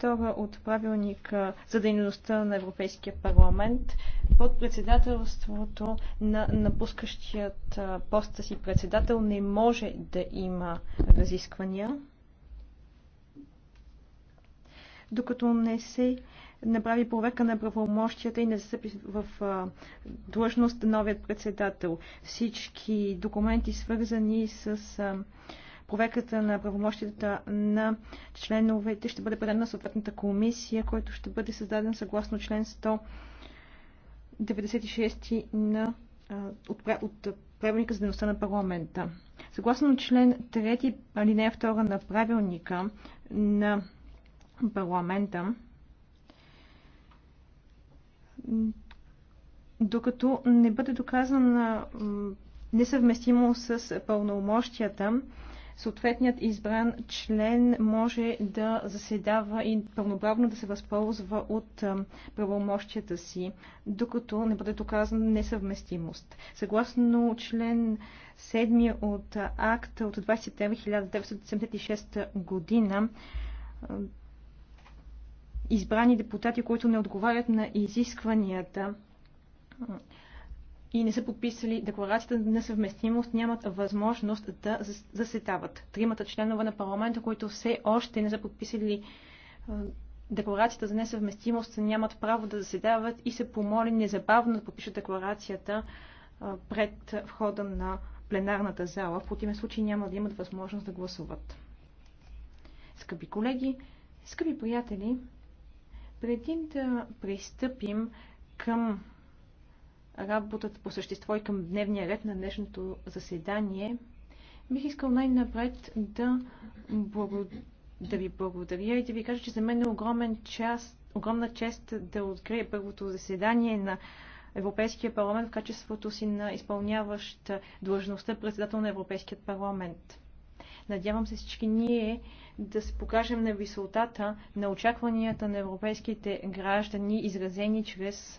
втора от правилника за дейността на Европейския парламент под председателството на напускащият поста си председател не може да има разисквания, докато не се направи проверка на правомощията и не застъпи в а, длъжност новият председател. Всички документи, свързани с а, проверката на правомощията на членовете ще бъде предана на съответната комисия, който ще бъде създаден съгласно член 196 на, от, от правилника за дейността на парламента. Съгласно член 3, алинея 2 на правилника на парламента, докато не бъде доказана несъвместимо с пълномощията съответният избран член може да заседава и пълноправно да се възползва от правомощията си, докато не бъде доказана несъвместимост. Съгласно член 7 от акта от 20 септември 1976 година, избрани депутати, които не отговарят на изискванията и не са подписали декларацията на несъвместимост, нямат възможност да заседават. Тримата членове на парламента, които все още не са подписали декларацията за несъвместимост, нямат право да заседават и се помоли незабавно да подпишат декларацията пред входа на пленарната зала. В противен случай няма да имат възможност да гласуват. Скъпи колеги, скъпи приятели, преди да пристъпим към работата по същество и към дневния ред на днешното заседание, бих искал най-напред да, да ви благодаря и да ви кажа, че за мен е огромен част, огромна чест да открия първото заседание на Европейския парламент в качеството си на изпълняваща длъжността председател на Европейският парламент. Надявам се всички ние да се покажем на висотата на очакванията на европейските граждани, изразени чрез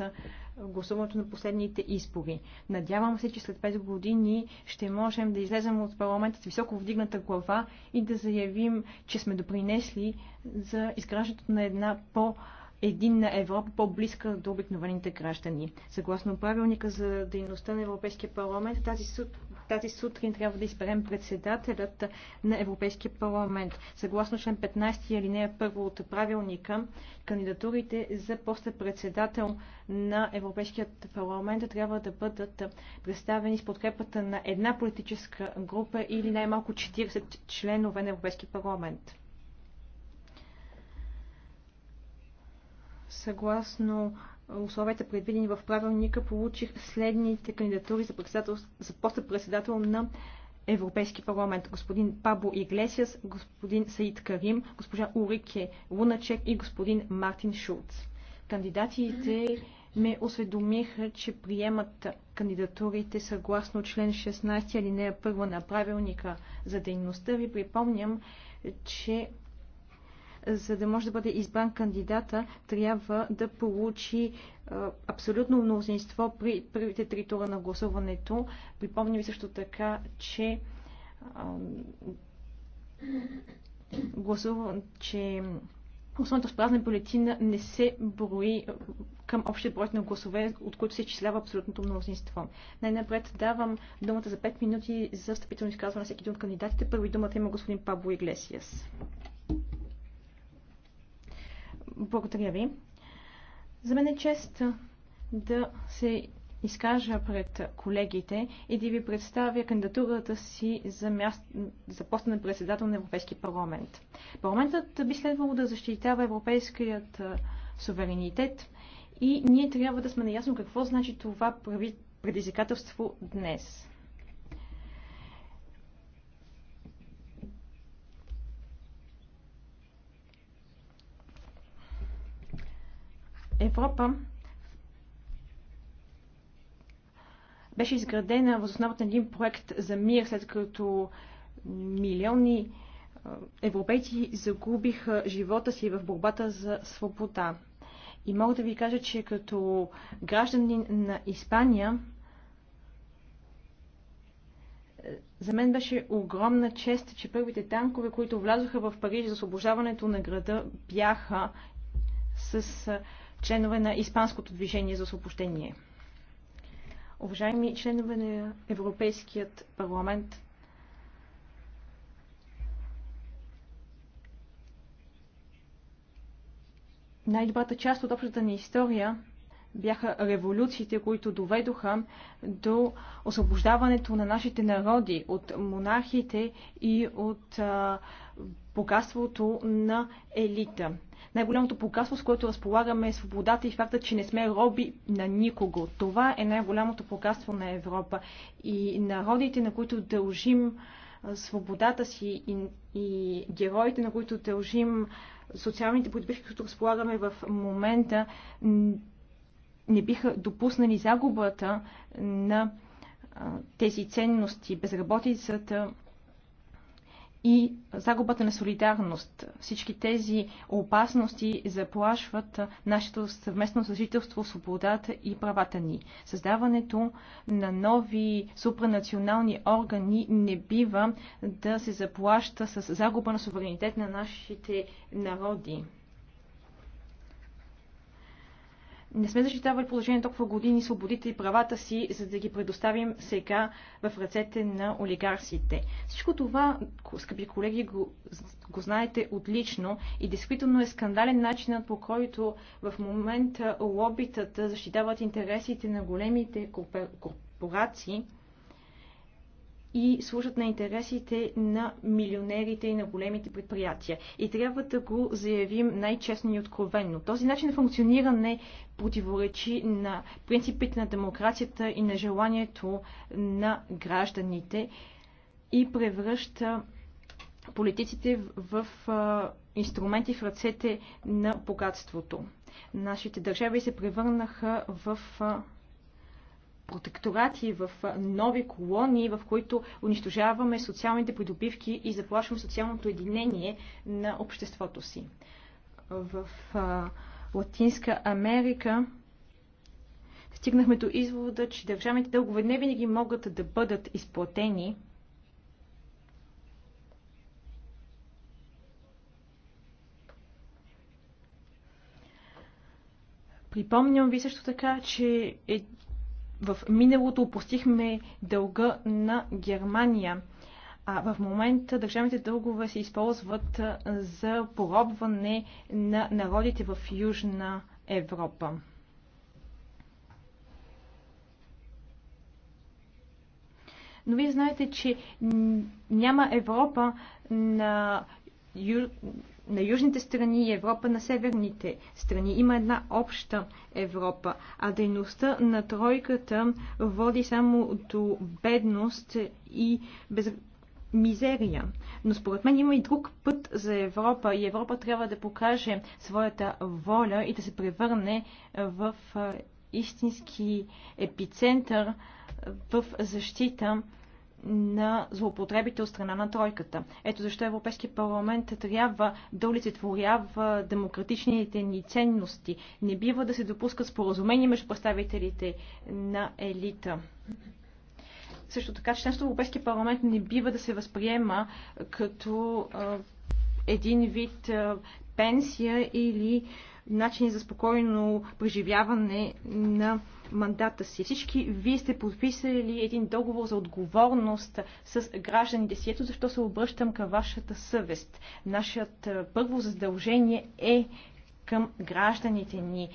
гласуването на последните избори. Надявам се, че след 5 години ще можем да излезем от парламента с високо вдигната глава и да заявим, че сме допринесли за изграждането на една по- единна Европа, по-близка до обикновените граждани. Съгласно правилника за дейността на Европейския парламент, тази суд тази сутрин трябва да изберем председателят на Европейския парламент. Съгласно член 15 алинея 1 от правилника, кандидатурите за поста председател на Европейският парламент трябва да бъдат представени с подкрепата на една политическа група или най-малко 40 членове на Европейския парламент. Съгласно условията предвидени в правилника, получих следните кандидатури за, председател, за поста председател на Европейски парламент. Господин Пабло Иглесиас, господин Саид Карим, госпожа Урике Луначек и господин Мартин Шулц. Кандидатите ме осведомиха, че приемат кандидатурите съгласно член 16 алинея 1 на правилника за дейността. Ви припомням, че за да може да бъде избран кандидата, трябва да получи е, абсолютно мнозинство при първите три тура на гласуването. Припомням ви също така, че гласува, че Гласуването с празна бюлетина не се брои е, към общия брой на гласове, от които се изчислява абсолютното мнозинство. Най-напред давам думата за 5 минути за встъпително изказване на всеки един от кандидатите. Първи думата има господин Пабло Иглесиас. Благодаря ви. За мен е чест да се изкажа пред колегите и да ви представя кандидатурата си за, мяст... за поста на председател на Европейски парламент. Парламентът би следвало да защитава европейският суверенитет и ние трябва да сме наясно какво значи това предизвикателство днес. Европа беше изградена в основата на един проект за мир, след като милиони е, европейци загубиха живота си в борбата за свобода. И мога да ви кажа, че като гражданин на Испания, е, за мен беше огромна чест, че първите танкове, които влязоха в Париж за освобождаването на града, бяха с е, членове на Испанското движение за освобождение. Уважаеми членове на Европейският парламент, най-добрата част от общата ни история бяха революциите, които доведоха до освобождаването на нашите народи от монархите и от богатството на елита. Най-голямото богатство, с което разполагаме е свободата и факта, че не сме роби на никого. Това е най-голямото богатство на Европа. И народите, на които дължим свободата си и, и героите, на които дължим социалните подбивки, които разполагаме в момента, не биха допуснали загубата на тези ценности, безработицата, и загубата на солидарност. Всички тези опасности заплашват нашето съвместно съжителство, свободата и правата ни. Създаването на нови супранационални органи не бива да се заплаща с загуба на суверенитет на нашите народи. не сме защитавали положение толкова години свободите и правата си, за да ги предоставим сега в ръцете на олигарсите. Всичко това, скъпи колеги, го, го знаете отлично и действително е скандален начинът по който в момента лобитата защитават интересите на големите корпорации, и служат на интересите на милионерите и на големите предприятия. И трябва да го заявим най-честно и откровенно. Този начин на функциониране противоречи на принципите на демокрацията и на желанието на гражданите и превръща политиците в инструменти в ръцете на богатството. Нашите държави се превърнаха в протекторати, в нови колонии, в които унищожаваме социалните придобивки и заплашваме социалното единение на обществото си. В а, Латинска Америка стигнахме до извода, че държавните дългове не винаги могат да бъдат изплатени. Припомням ви също така, че е в миналото опустихме дълга на Германия. А в момента държавните дългове се използват за поробване на народите в Южна Европа. Но вие знаете, че няма Европа на, на южните страни и Европа на северните страни. Има една обща Европа, а дейността на тройката води само до бедност и без... мизерия. Но според мен има и друг път за Европа и Европа трябва да покаже своята воля и да се превърне в истински епицентър в защита на злоупотребите от страна на тройката. Ето защо Европейския парламент трябва да олицетворява демократичните ни ценности. Не бива да се допускат споразумения между представителите на елита. Също така, членството в Европейския парламент не бива да се възприема като а, един вид а, пенсия или а, начини за спокойно преживяване на мандата си. Всички вие сте подписали един договор за отговорност с гражданите си. Ето защо се обръщам към вашата съвест. Нашият е, първо задължение е към гражданите ни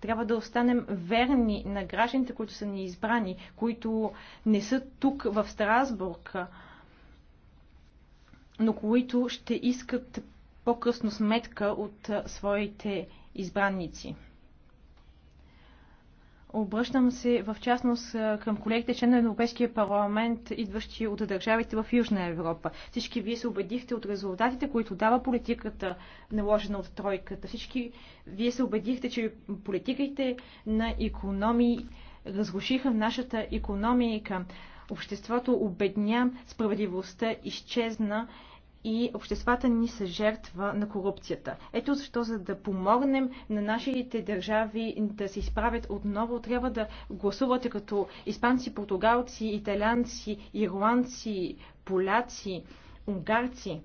трябва да останем верни на гражданите, които са ни избрани, които не са тук в Страсбург, но които ще искат по-късно сметка от своите избранници. Обръщам се в частност към колегите член на Европейския парламент, идващи от държавите в Южна Европа. Всички вие се убедихте от резултатите, които дава политиката, наложена от тройката. Всички вие се убедихте, че политиките на економии разрушиха нашата економика. Обществото обедня, справедливостта изчезна и обществата ни са жертва на корупцията. Ето защо, за да помогнем на нашите държави да се изправят отново, трябва да гласувате като испанци, португалци, италянци, ирландци, поляци, унгарци.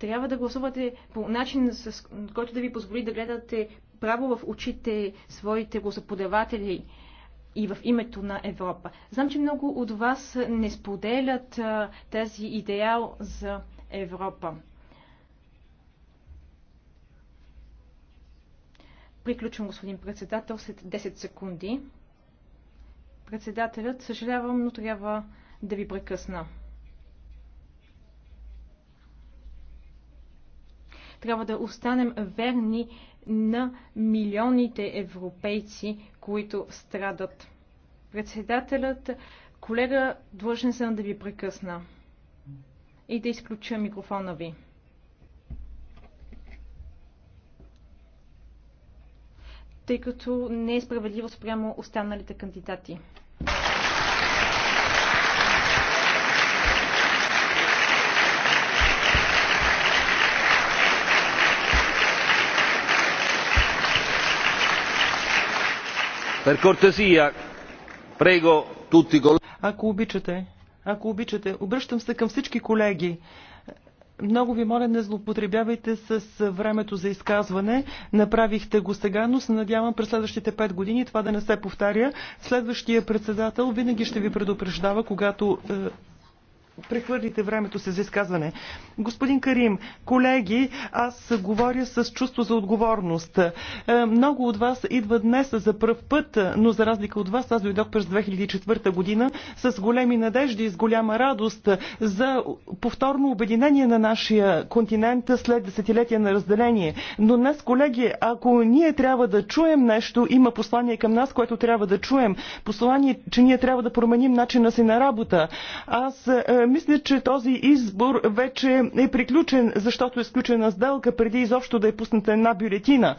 Трябва да гласувате по начин, с който да ви позволи да гледате право в очите своите гласоподаватели и в името на Европа. Знам, че много от вас не споделят а, тази идеал за Европа. Приключвам, господин председател, след 10 секунди. Председателят, съжалявам, но трябва да ви прекъсна. Трябва да останем верни на милионите европейци, които страдат. Председателят, колега, длъжен съм да ви прекъсна и да изключа микрофона ви. тъй като не е справедливо спрямо останалите кандидати. Per cortesia, prego tutti Ако обичате, ако обичате, обръщам се към всички колеги. Много ви моля, не злоупотребявайте с времето за изказване. Направихте го сега, но се надявам през следващите 5 години това да не се повтаря. Следващия председател винаги ще ви предупреждава, когато е, прехвърлите времето си за изказване. Господин Карим, колеги, аз говоря с чувство за отговорност. Е, много от вас идват днес за пръв път, но за разлика от вас аз дойдох през 2004 година с големи надежди с голяма радост за повторно обединение на нашия континент след десетилетия на разделение. Но днес, колеги, ако ние трябва да чуем нещо, има послание към нас, което трябва да чуем. Послание, че ние трябва да променим начина си на работа. Аз е, мисля, че този избор вече е приключен, защото е сключена сделка преди изобщо да е пусната една бюлетина.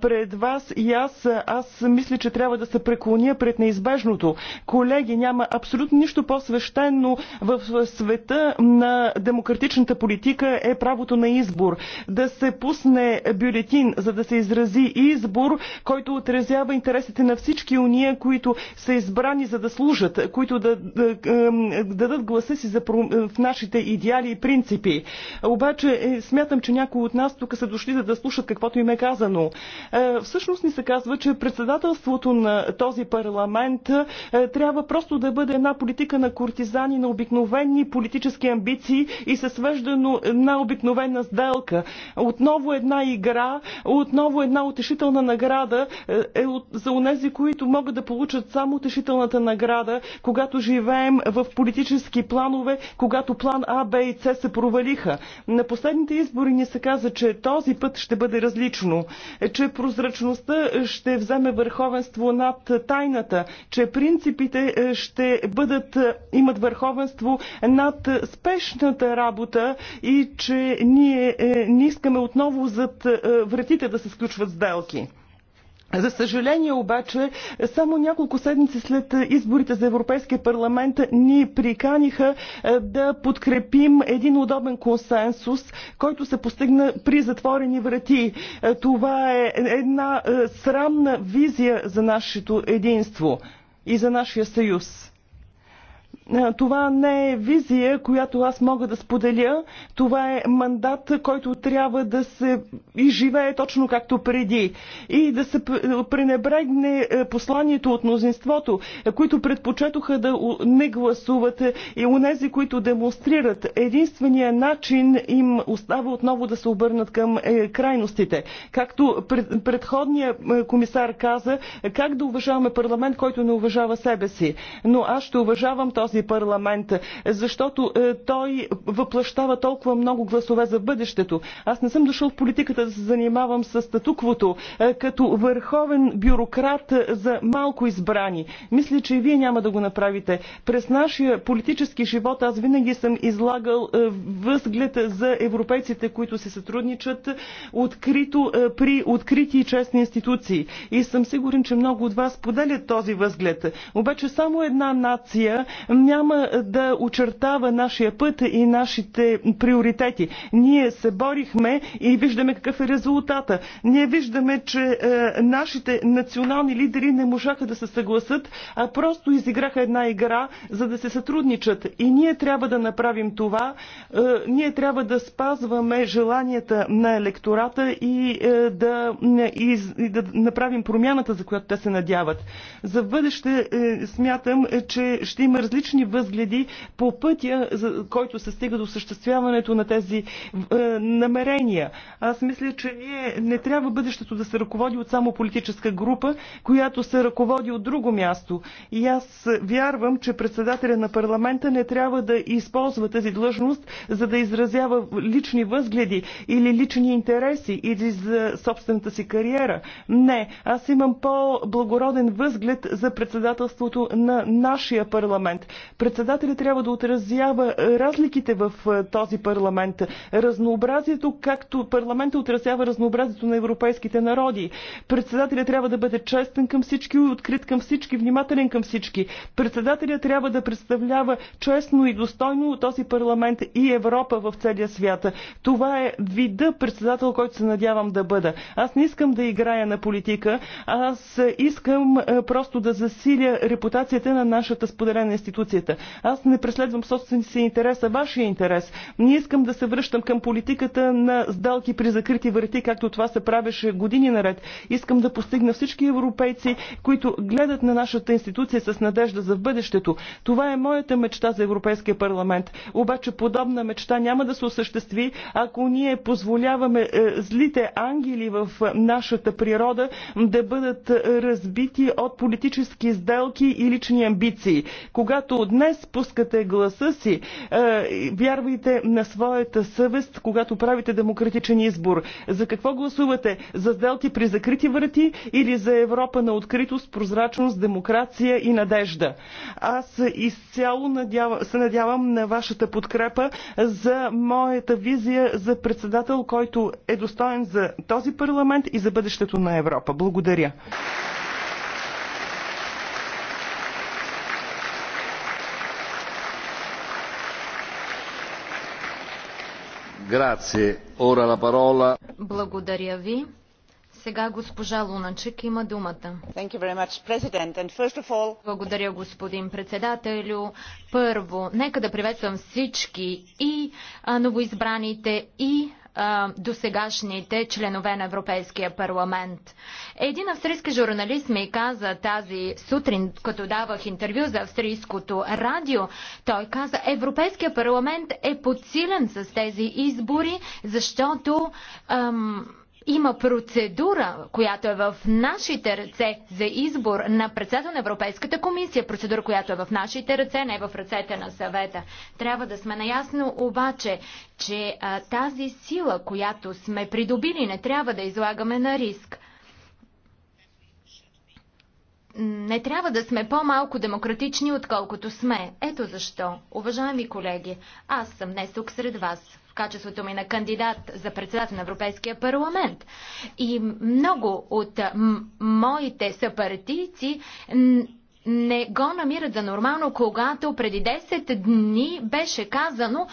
Пред вас и аз, аз мисля, че трябва да се преклоня пред неизбежното. Колеги, няма абсолютно нищо по-свещено в света на демократичната политика е правото на избор. Да се пусне бюлетин, за да се изрази избор, който отразява интересите на всички уния, които са избрани за да служат, които да, да, да дадат гласа си за за, е, в нашите идеали и принципи. Обаче е, смятам, че някои от нас тук са дошли за да слушат каквото им е казано. Е, всъщност ни се казва, че председателството на този парламент трябва просто да бъде една политика на кортизани, на обикновени политически амбиции и се свежда на обикновена сделка. Отново една игра, отново една утешителна награда е за унези, които могат да получат само утешителната награда, когато живеем в политически планове спорове, когато план А, Б и С се провалиха. На последните избори ни се каза, че този път ще бъде различно, че прозрачността ще вземе върховенство над тайната, че принципите е, ще бъдат, е, имат върховенство над спешната работа и че ние е, не искаме отново зад вратите да се сключват сделки. За съжаление обаче, само няколко седмици след изборите за Европейския парламент ни приканиха е, да подкрепим един удобен консенсус, който се постигна при затворени врати. Е, това е една е, срамна визия за нашето единство и за нашия съюз. Това не е визия, която аз мога да споделя. Това е мандат, който трябва да се изживее точно както преди. И да се пренебрегне е, посланието от мнозинството, които предпочетоха да не гласуват е, и унези, които демонстрират. Единствения начин им остава отново да се обърнат към е, крайностите. Както предходният комисар каза, как да уважаваме парламент, който не уважава себе си. Но аз ще уважавам този този парламент, защото е, той въплащава толкова много гласове за бъдещето. Аз не съм дошъл в политиката да се занимавам с статуквото, е, като върховен бюрократ за малко избрани. Мисля, че и вие няма да го направите. През нашия политически живот аз винаги съм излагал е, възглед за европейците, които се сътрудничат открито при открити и честни институции. И съм сигурен, че много от вас поделят този възглед. Обаче само една нация няма да очертава нашия път и нашите приоритети. Ние се борихме и виждаме какъв е резултата. Ние виждаме, че е, нашите национални лидери не можаха да се съгласат, а просто изиграха една игра, за да се сътрудничат. И ние трябва да направим това. Е, ние трябва да спазваме желанията на електората и, е, да, е, и, и да направим промяната, за която те се надяват. За бъдеще е, смятам, е, че ще има различни различни възгледи по пътя, за който се стига до съществяването на тези е, намерения. Аз мисля, че ние не трябва бъдещето да се ръководи от само политическа група, която се ръководи от друго място. И аз вярвам, че председателя на парламента не трябва да използва тази длъжност, за да изразява лични възгледи или лични интереси или за собствената си кариера. Не, аз имам по-благороден възглед за председателството на нашия парламент. Председателя трябва да отразява разликите в е, този парламент, разнообразието, както парламента отразява разнообразието на европейските народи. Председателя трябва да бъде честен към всички, открит към всички, внимателен към всички. Председателя трябва да представлява честно и достойно този парламент и Европа в целия свят. Това е вида председател, който се надявам да бъда. Аз не искам да играя на политика, аз искам е, просто да засиля репутацията на нашата споделена институция институцията. Аз не преследвам собствени си интерес, а вашия интерес. Не искам да се връщам към политиката на сделки при закрити врати, както това се правеше години наред. Искам да постигна всички европейци, които гледат на нашата институция с надежда за бъдещето. Това е моята мечта за Европейския парламент. Обаче подобна мечта няма да се осъществи, ако ние позволяваме е, злите ангели в е, нашата природа да бъдат е, разбити от политически сделки и лични амбиции. Когато от днес пускате гласа си. Е, вярвайте на своята съвест, когато правите демократичен избор. За какво гласувате? За сделки при закрити врати или за Европа на откритост, прозрачност, демокрация и надежда? Аз изцяло надявам, се надявам на вашата подкрепа за моята визия за председател, който е достоен за този парламент и за бъдещето на Европа. Благодаря. Благодаря ви. Сега госпожа Луначек има думата. Благодаря, господин председателю. Първо, нека да приветствам всички и новоизбраните, и досегашните членове на Европейския парламент. Един австрийски журналист ми каза тази сутрин, като давах интервю за австрийското радио, той каза, Европейския парламент е подсилен с тези избори, защото ам, има процедура, която е в нашите ръце за избор на председател на Европейската комисия. Процедура, която е в нашите ръце, не в ръцете на съвета. Трябва да сме наясно обаче, че а, тази сила, която сме придобили, не трябва да излагаме на риск. Не трябва да сме по-малко демократични, отколкото сме. Ето защо, уважаеми колеги, аз съм днес тук сред вас качеството ми на кандидат за председател на Европейския парламент. И много от моите съпартийци не го намират за нормално, когато преди 10 дни беше казано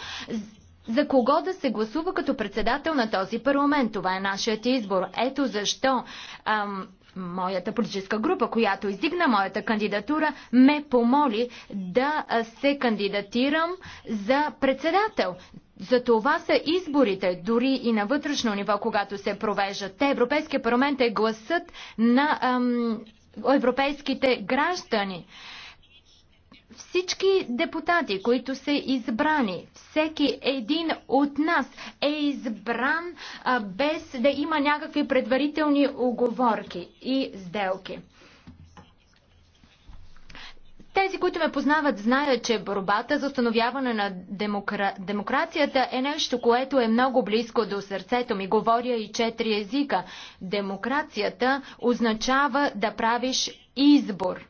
за кого да се гласува като председател на този парламент. Това е нашият избор. Ето защо ам, моята политическа група, която издигна моята кандидатура, ме помоли да се кандидатирам за председател. За това са изборите, дори и на вътрешно ниво, когато се провеждат. Те, Европейския парламент е гласът на ам, европейските граждани. Всички депутати, които са избрани, всеки един от нас е избран а, без да има някакви предварителни оговорки и сделки. Тези, които ме познават, знаят, че борбата за установяване на демокра... демокрацията е нещо, което е много близко до сърцето ми. Говоря и четири езика. Демокрацията означава да правиш избор.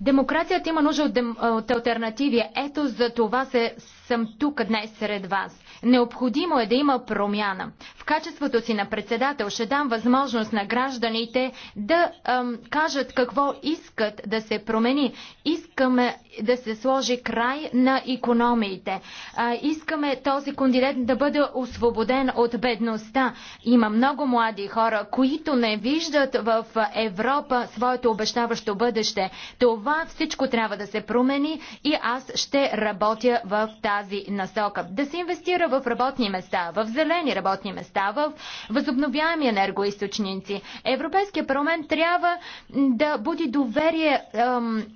Демокрацията има нужда от, дем... от альтернативи. Ето за това се съм тук днес сред вас. Необходимо е да има промяна. В качеството си на председател ще дам възможност на гражданите да ам, кажат какво искат да се промени. Искаме да се сложи край на економиите. А, искаме този кандидат да бъде освободен от бедността. Има много млади хора, които не виждат в Европа своето обещаващо бъдеще. Това всичко трябва да се промени и аз ще работя в тази тази насока. Да се инвестира в работни места, в зелени работни места, в възобновяеми енергоисточници. Европейския парламент трябва да буди доверие ем,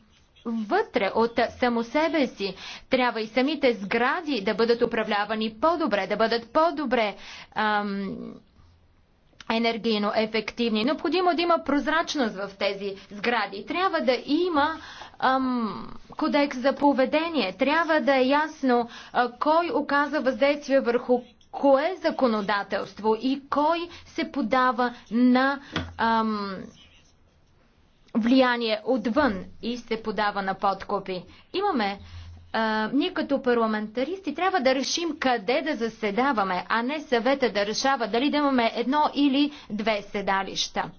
вътре от само себе си. Трябва и самите сгради да бъдат управлявани по-добре, да бъдат по-добре енергийно ефективни. Необходимо да има прозрачност в тези сгради. Трябва да има ам, кодекс за поведение. Трябва да е ясно а, кой оказа въздействие върху кое законодателство и кой се подава на ам, влияние отвън и се подава на подкопи. Имаме а, ние като парламентаристи трябва да решим къде да заседаваме, а не съвета да решава дали да имаме едно или две седалища.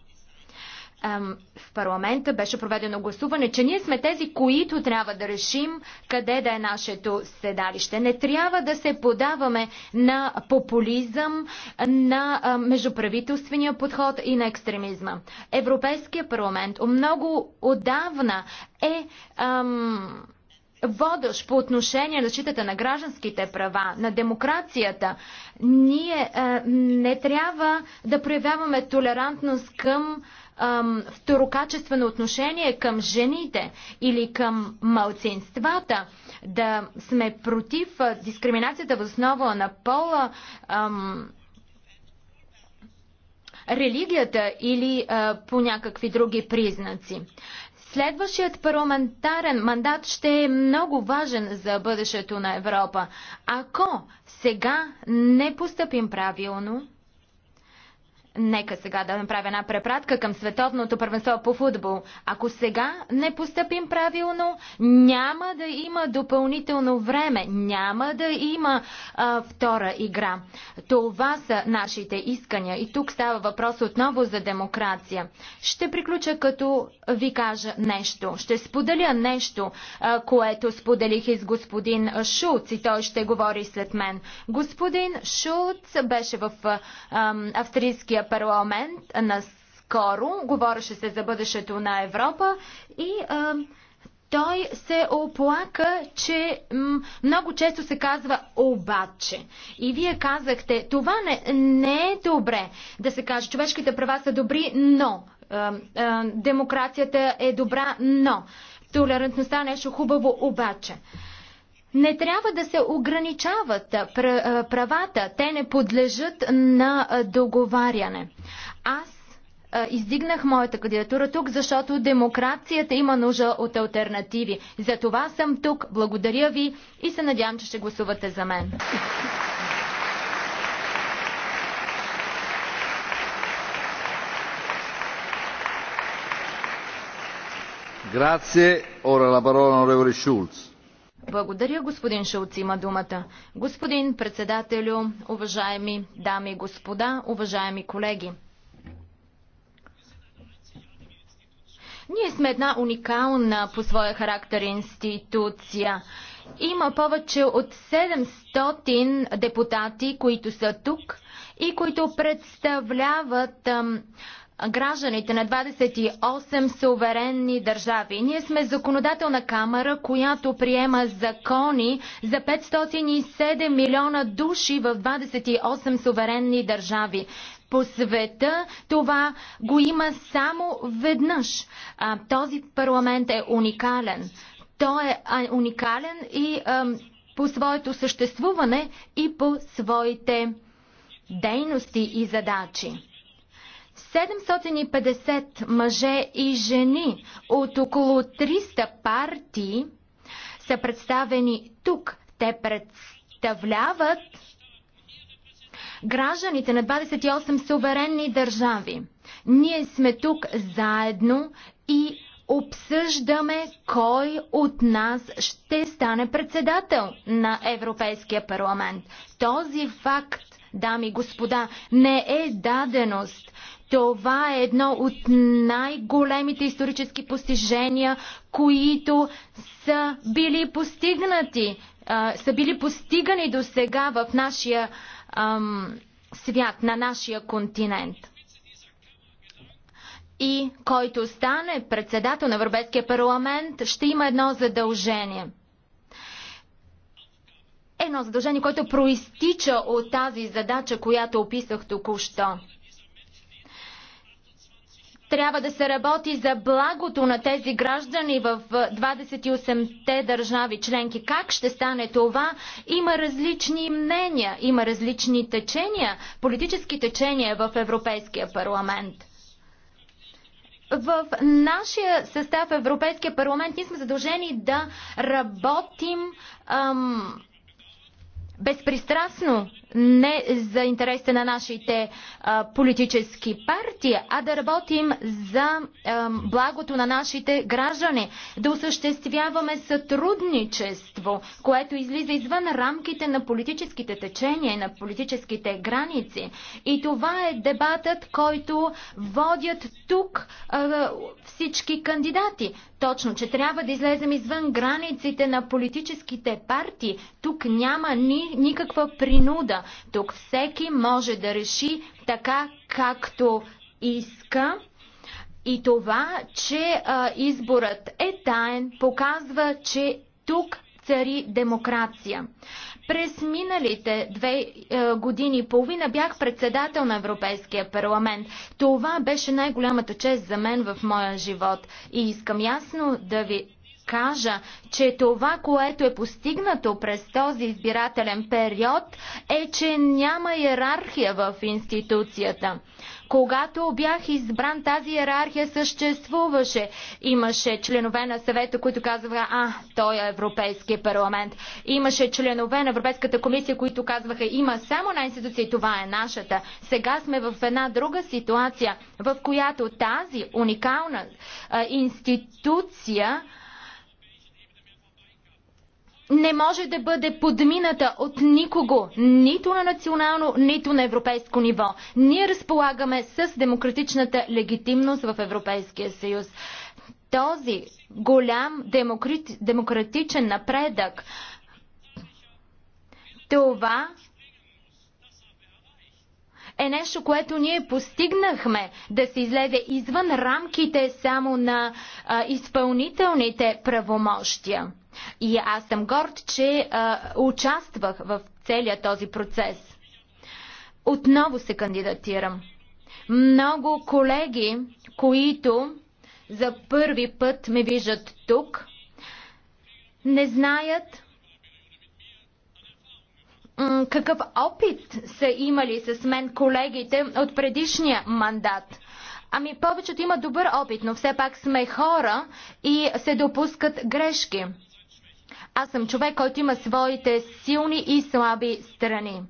А, в парламента беше проведено гласуване, че ние сме тези, които трябва да решим къде да е нашето седалище. Не трябва да се подаваме на популизъм, на а, междуправителствения подход и на екстремизма. Европейския парламент много отдавна е. Ам, водещ по отношение на защитата на гражданските права, на демокрацията, ние а, е, не трябва да проявяваме толерантност към второкачествено отношение към жените или към малцинствата, да сме против дискриминацията въз основа на пола, религията или а, по някакви други признаци. Следващият парламентарен мандат ще е много важен за бъдещето на Европа. Ако сега не постъпим правилно, Нека сега да направя една препратка към световното първенство по футбол. Ако сега не постъпим правилно, няма да има допълнително време, няма да има а, втора игра. Това са нашите искания и тук става въпрос отново за демокрация. Ще приключа като ви кажа нещо. Ще споделя нещо, а, което споделих и с господин Шулц и той ще говори след мен. Господин Шулц беше в а, австрийския парламент наскоро. Говореше се за бъдещето на Европа и а, той се оплака, че много често се казва обаче. И вие казахте, това не, не е добре да се каже, човешките права са добри, но а, а, демокрацията е добра, но толерантността е нещо хубаво, обаче. Не трябва да се ограничават правата. Те не подлежат на договаряне. Аз издигнах моята кандидатура тук, защото демокрацията има нужда от альтернативи. За това съм тук. Благодаря ви и се надявам, че ще гласувате за мен. Grazie. Ora la parola all'onorevole Schulz. Благодаря, господин Шулц има думата. Господин председателю, уважаеми дами и господа, уважаеми колеги. Ние сме една уникална по своя характер институция. Има повече от 700 депутати, които са тук и които представляват гражданите на 28 суверенни държави. Ние сме законодателна камера, която приема закони за 507 милиона души в 28 суверенни държави. По света това го има само веднъж. А, този парламент е уникален. Той е уникален и а, по своето съществуване и по своите дейности и задачи. 750 мъже и жени от около 300 партии са представени тук. Те представляват гражданите на 28 суверенни държави. Ние сме тук заедно и обсъждаме кой от нас ще стане председател на Европейския парламент. Този факт, дами и господа, не е даденост. Това е едно от най-големите исторически постижения, които са били постигнати, са били постигани до сега в нашия ам, свят, на нашия континент. И който стане председател на Европейския парламент, ще има едно задължение – едно задължение, което проистича от тази задача, която описах току-що. Трябва да се работи за благото на тези граждани в 28-те държави членки. Как ще стане това? Има различни мнения, има различни течения, политически течения в Европейския парламент. В нашия състав Европейския парламент ние сме задължени да работим ам, безпристрастно, не за интересите на нашите а, политически партии, а да работим за а, благото на нашите граждани, да осъществяваме сътрудничество, което излиза извън рамките на политическите течения, на политическите граници. И това е дебатът, който водят тук а, всички кандидати точно, че трябва да излезем извън границите на политическите партии. Тук няма ни, никаква принуда. Тук всеки може да реши така, както иска. И това, че а, изборът е таен, показва, че тук цари демокрация. През миналите две е, години и половина бях председател на Европейския парламент. Това беше най-голямата чест за мен в моя живот. И искам ясно да ви кажа, че това, което е постигнато през този избирателен период, е, че няма иерархия в институцията. Когато бях избран, тази иерархия съществуваше. Имаше членове на съвета, които казваха, а, той е Европейския парламент. Имаше членове на Европейската комисия, които казваха, има само една институция и това е нашата. Сега сме в една друга ситуация, в която тази уникална а, институция, не може да бъде подмината от никого, нито на национално, нито на европейско ниво. Ние разполагаме с демократичната легитимност в Европейския съюз. Този голям демократичен напредък, това е нещо, което ние постигнахме да се излезе извън рамките само на а, изпълнителните правомощия. И аз съм горд, че а, участвах в целият този процес. Отново се кандидатирам. Много колеги, които за първи път ме виждат тук, не знаят какъв опит са имали с мен колегите от предишния мандат. Ами повечето има добър опит, но все пак сме хора и се допускат грешки. Аз съм човек, който има своите силни и слаби страни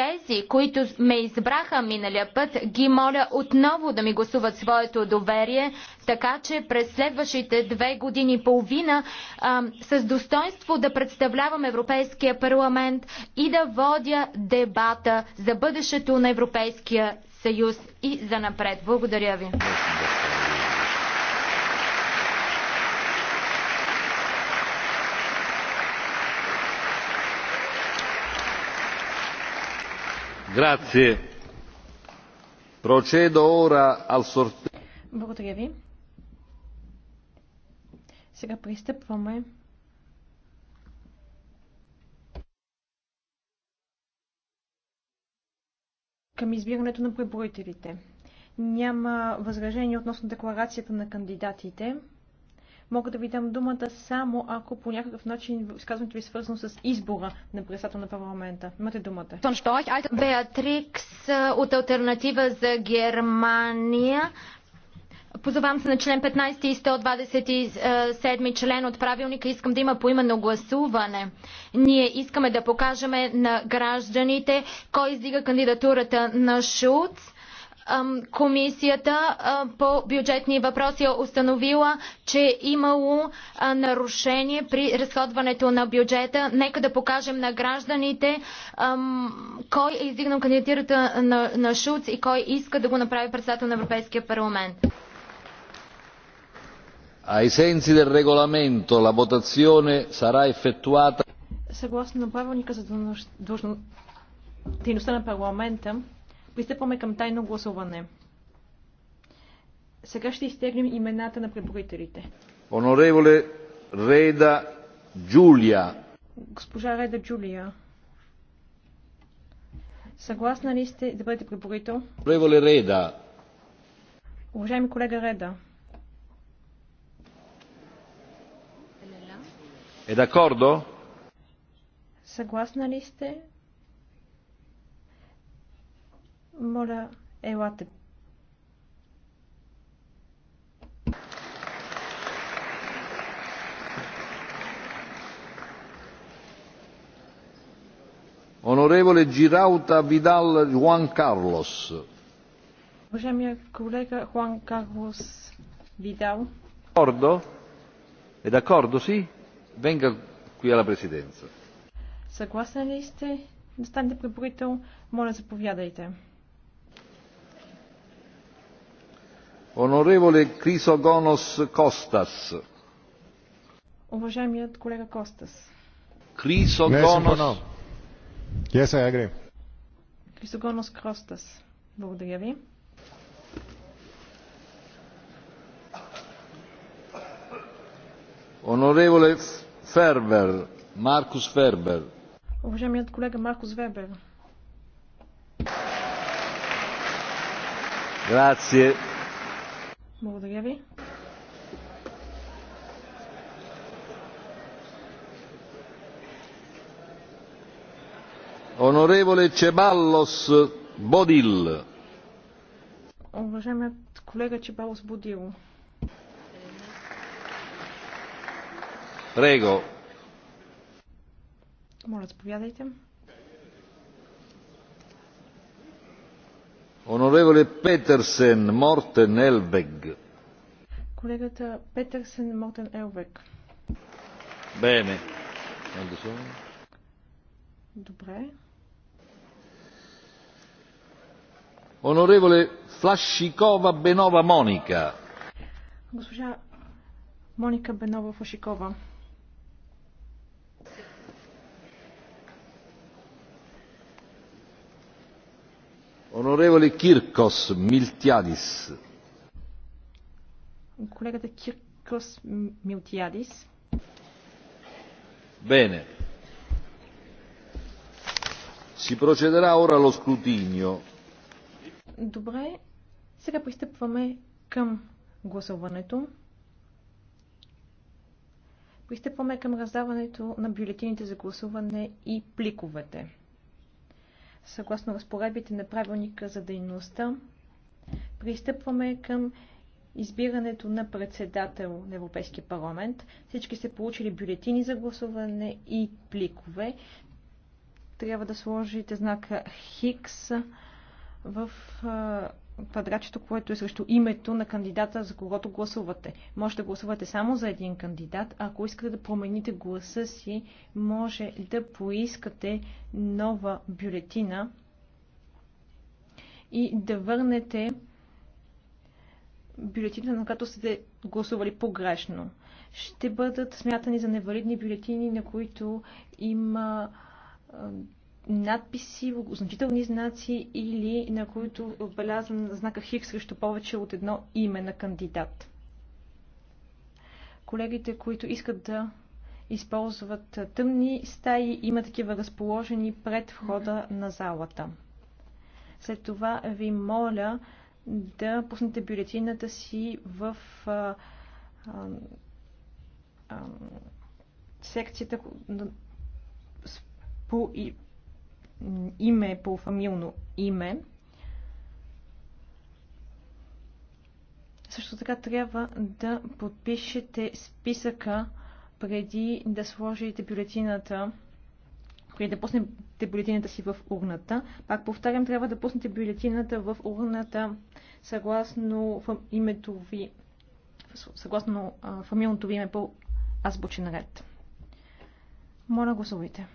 тези, които ме избраха миналия път, ги моля отново да ми гласуват своето доверие, така че през следващите две години и половина а, с достоинство да представлявам Европейския парламент и да водя дебата за бъдещето на Европейския съюз и за напред. Благодаря ви. Благодаря ви. Сега пристъпваме към избирането на преброителите. Няма възражение относно декларацията на кандидатите. Мога да ви дам думата само ако по някакъв начин изказването ви е свързано с избора на председател на парламента. Имате думата. Беатрикс от Альтернатива за Германия. Позовам се на член 15 и 127 член от правилника. Искам да има поименно гласуване. Ние искаме да покажем на гражданите кой издига кандидатурата на Шуц Комисията по бюджетни въпроси е установила, че е имало нарушение при разходването на бюджета. Нека да покажем на гражданите кой е издигнал кандидатурата на Шуц и кой иска да го направи председател на Европейския парламент. Ai sensi del regolamento la votazione sarà effettuata. Съгласно на правилника за дейността на парламента, Пристъпваме към тайно гласуване. Сега ще изтеглим имената на преброителите. Онореволе Рейда Джулия. Госпожа Рейда Джулия. Съгласна ли сте да бъдете преброител? Онореволе Рейда. Уважаеми колега Реда. Е d'accordo? Съгласна ли сте Моля, елате. Onorevole Girauta Vidal Juan Carlos. Уважаемия колега Хуан Карлос Видал. D'accordo? È d'accordo, sì? Venga qui alla Presidenza. Съгласен ли сте да станете преброител? Моля, заповядайте. Уважаемият колега Костас. Крисогонос. Крисогонос Костас. Благодаря ви. Онореволе Фербер. Маркус Фербер. Уважаемият колега Маркус Вербер. Grazie. Благодаря ви. Онореволе Чебалос Бодил. Уважаемият колега Чебалос Бодил. Рего. Моля, заповядайте. Onorevole Петерсен Мортен Елбег. Колегата Петерсен Мортен Елбег. Onorevole Флашикова Бенова Моника. Госпожа Моника Бенова Флашикова. Оноревали Киркос Милтиадис. Колегата Киркос Милтиадис. Bene. Si procederà ora allo scrutinio. Добре. Сега пристъпваме към гласуването. Пристъпваме към раздаването на бюлетините за гласуване и пликовете съгласно разпоредбите на правилника за дейността, пристъпваме към избирането на председател на Европейския парламент. Всички сте получили бюлетини за гласуване и пликове. Трябва да сложите знака Хикс в квадратчето, което е срещу името на кандидата, за когото гласувате. Може да гласувате само за един кандидат. А ако искате да промените гласа си, може да поискате нова бюлетина и да върнете бюлетина, на която сте гласували погрешно. Ще бъдат смятани за невалидни бюлетини, на които има надписи, значителни знаци или на които е отбелязан знака ХИК срещу повече от едно име на кандидат. Колегите, които искат да използват тъмни стаи, има такива разположени пред входа на залата. След това ви моля да пуснете бюлетината си в а, а, а, секцията по и име по фамилно име. Също така трябва да подпишете списъка преди да сложите бюлетината, преди да пуснете бюлетината си в урната. Пак повтарям, трябва да пуснете бюлетината в урната съгласно името ви, съгласно фамилното ви име по азбучен ред. Моля, гласувайте.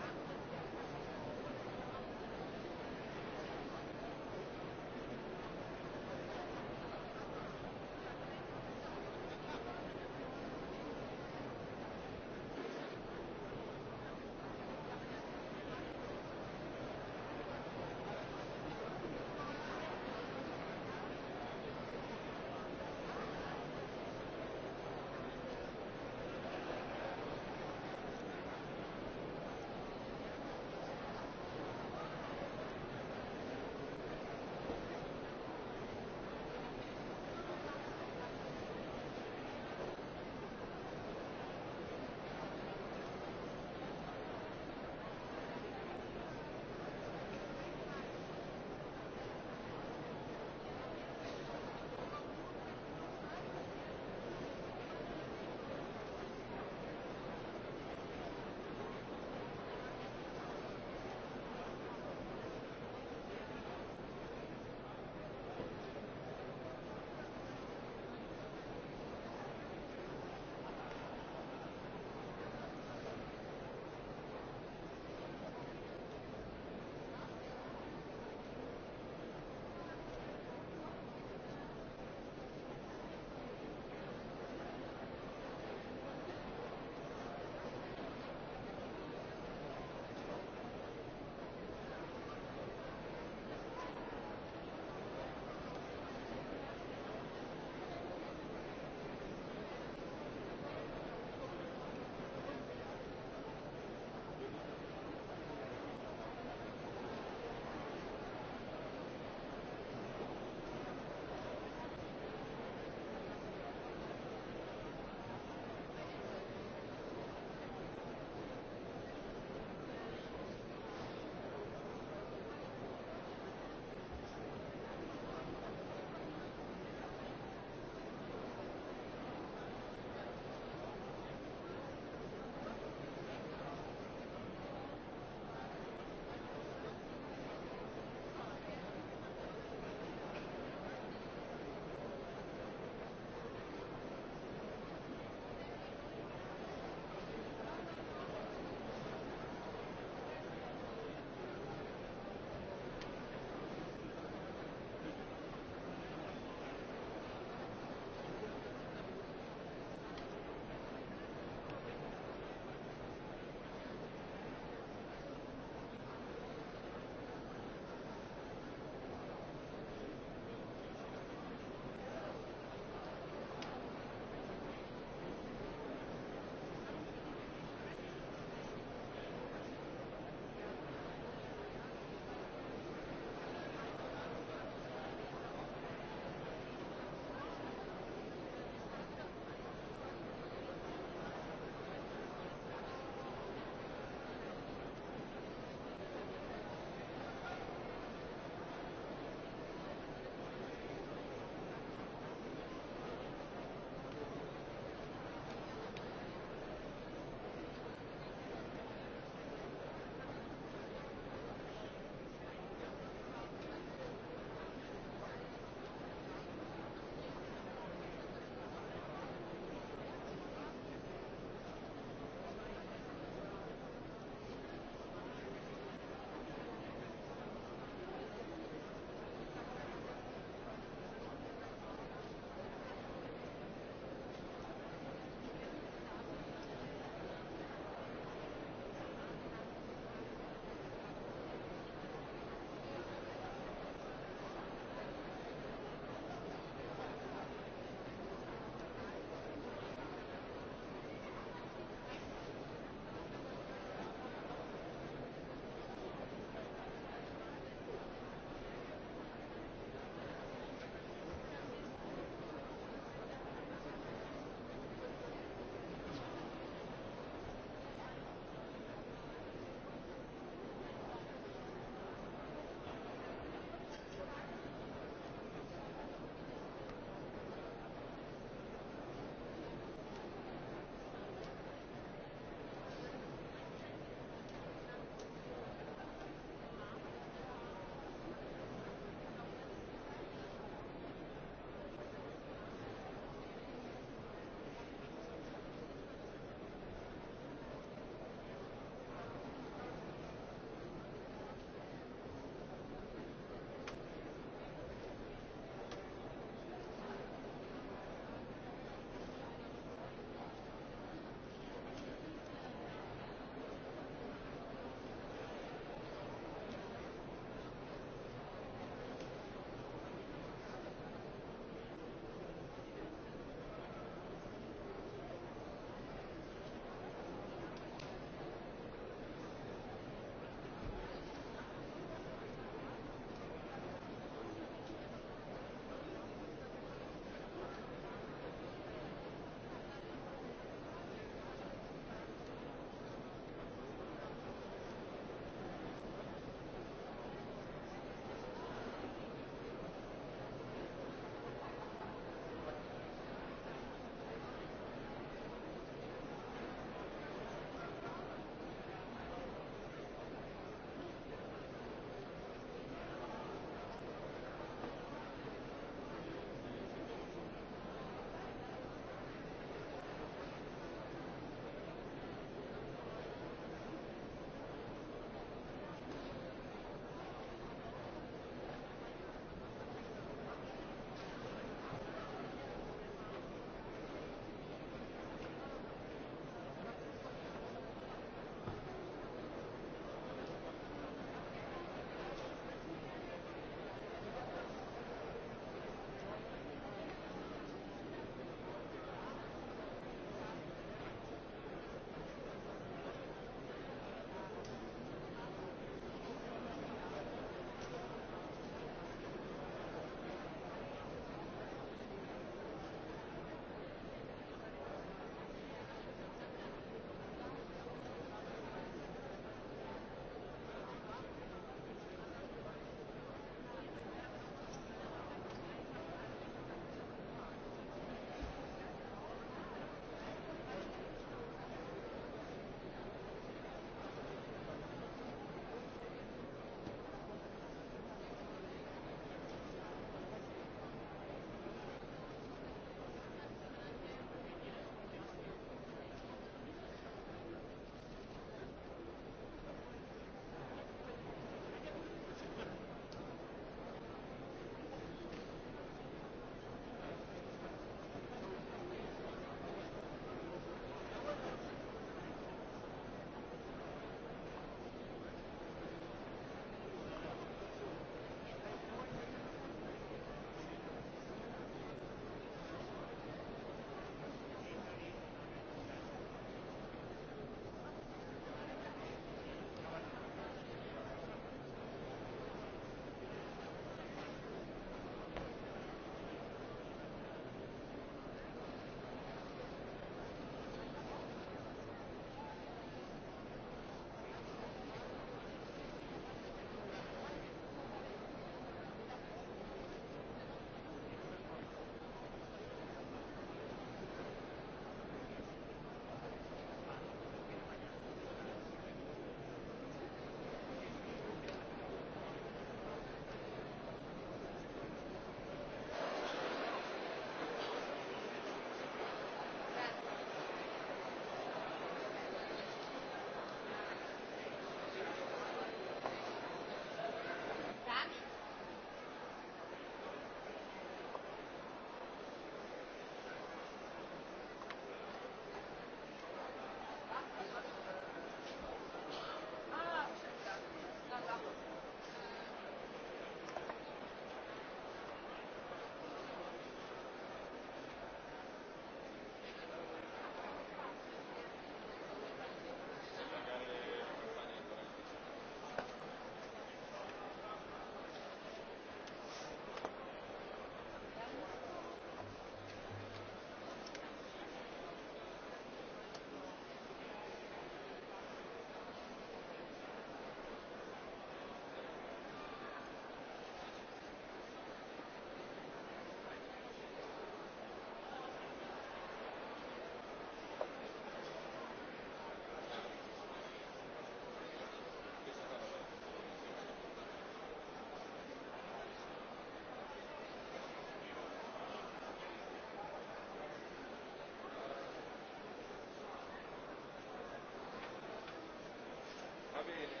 bene.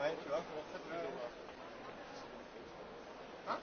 Ouais, tu vois, comment ça, tu vas voir. Hein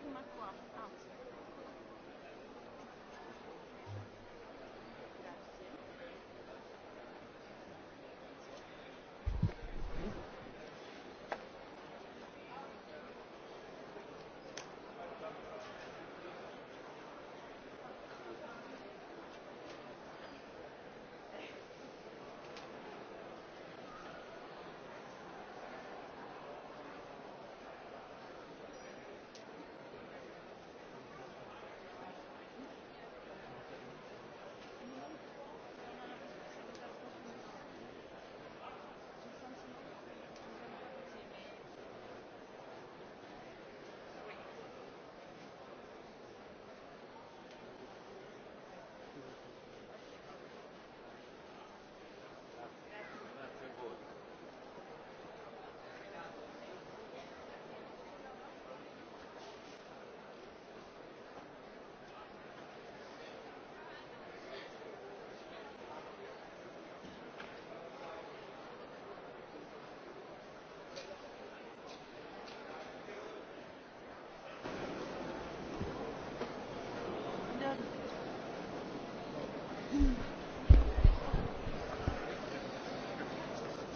prima qua.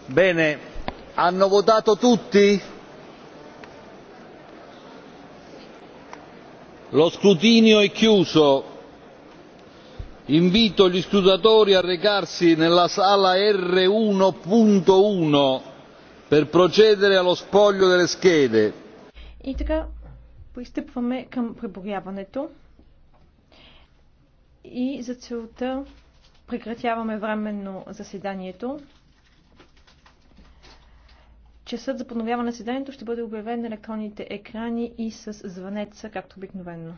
Bene, hanno votato tutti? Lo scrutinio è chiuso. Invito gli scrutatori a recarsi nella sala r uno uno per procedere allo spoglio delle schede. И така, пристъпваме към преброяването. И за целта прекратяваме временно заседанието. Часът за подновяване на седанието ще бъде обявен на електронните екрани и с звънеца, както обикновено.